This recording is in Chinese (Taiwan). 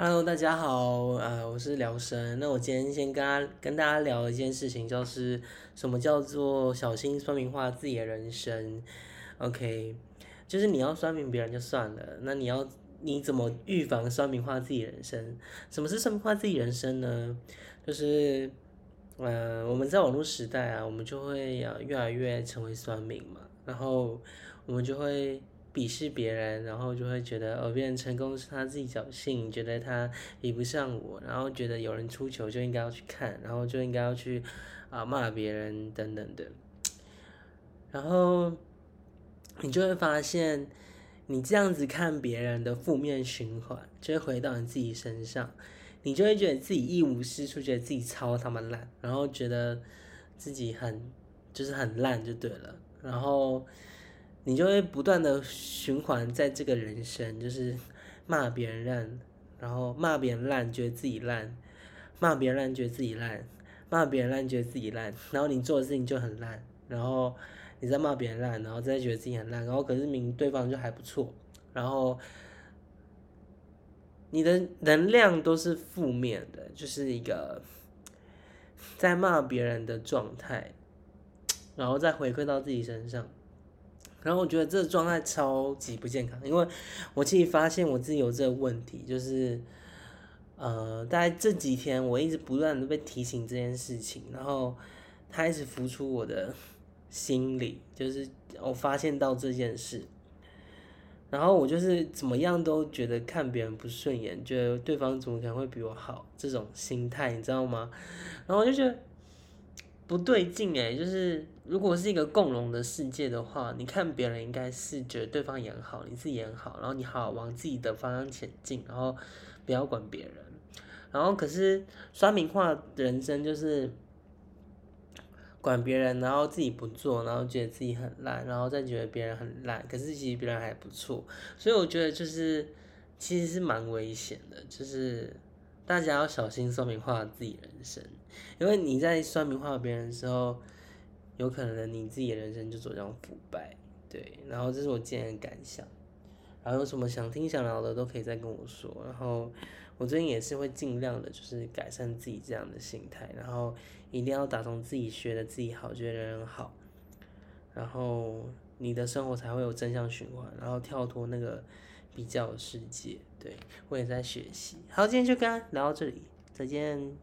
Hello，大家好，呃，我是聊生。那我今天先跟大家跟大家聊一件事情，就是什麼叫做小心酸民化自己的人生，OK？就是你要酸民別人就算了，那你要你怎麼預防酸民化自己人生？什麼是酸民化自己人生呢？就是，呃，我們在網絡時代啊，我們就會呃越來越成為酸民嘛，然後我們就會。鄙視別人，然後就會覺得哦，別人成功是他自己僥倖，覺得他比不上我，然後覺得有人出糗就應該要去看，然後就應該要去啊罵別人等等的，然後你就會發現你這樣子看別人的負面循環就會回到你自己身上，你就會覺得自己一無是處，覺得自己超他媽爛，然後覺得自己很就是很爛就對了，然後。你就會不斷的循環在這個人生，就是罵別人爛，然後罵別人爛，覺得自己爛，罵別人爛，覺得自己爛，罵別人爛，覺得自己爛，然後你做的事情，就很爛，然後你在罵別人爛，然後再覺得自己很爛，然後可是明明對方就還不錯，然後你的能量都是負面的，就是一個在罵別人的狀態，然後再回饋到自己身上。然後我覺得這個狀態超級不健康，因為我自己發現我自己有這個問題，就是，呃，大概這幾天我一直不斷的被提醒這件事情，然後它一直浮出我的心裡，就是我發現到這件事，然後我就是怎麼樣都覺得看別人不順眼，覺得對方怎麼可能會比我好，這種心態你知道嗎？然後我就覺得。不對勁哎、欸，就是如果是一個共榮的世界的話，你看別人應該是覺得對方演好，你自己演好，然後你好好往自己的方向前進，然後不要管別人。然後可是酸民化人生就是管別人，然後自己不做，然後覺得自己很爛，然後再覺得別人很爛，可是其實別人還不錯。所以我覺得就是其實是蠻危險的，就是。大家要小心酸民化自己人生，因為你在酸民化別人的時候，有可能你自己的人生就走向腐敗。對，然後這是我今天的感想。然後有什麼想聽、想聊的都可以再跟我說。然後我最近也是會盡量的，就是改善自己這樣的心態。然後一定要打從自己覺得自己好，覺得人人好，然後你的生活才會有正向循環，然後跳脫那個。比較世界，對，我也在學習。好，今天就跟大家聊到這裡，再見。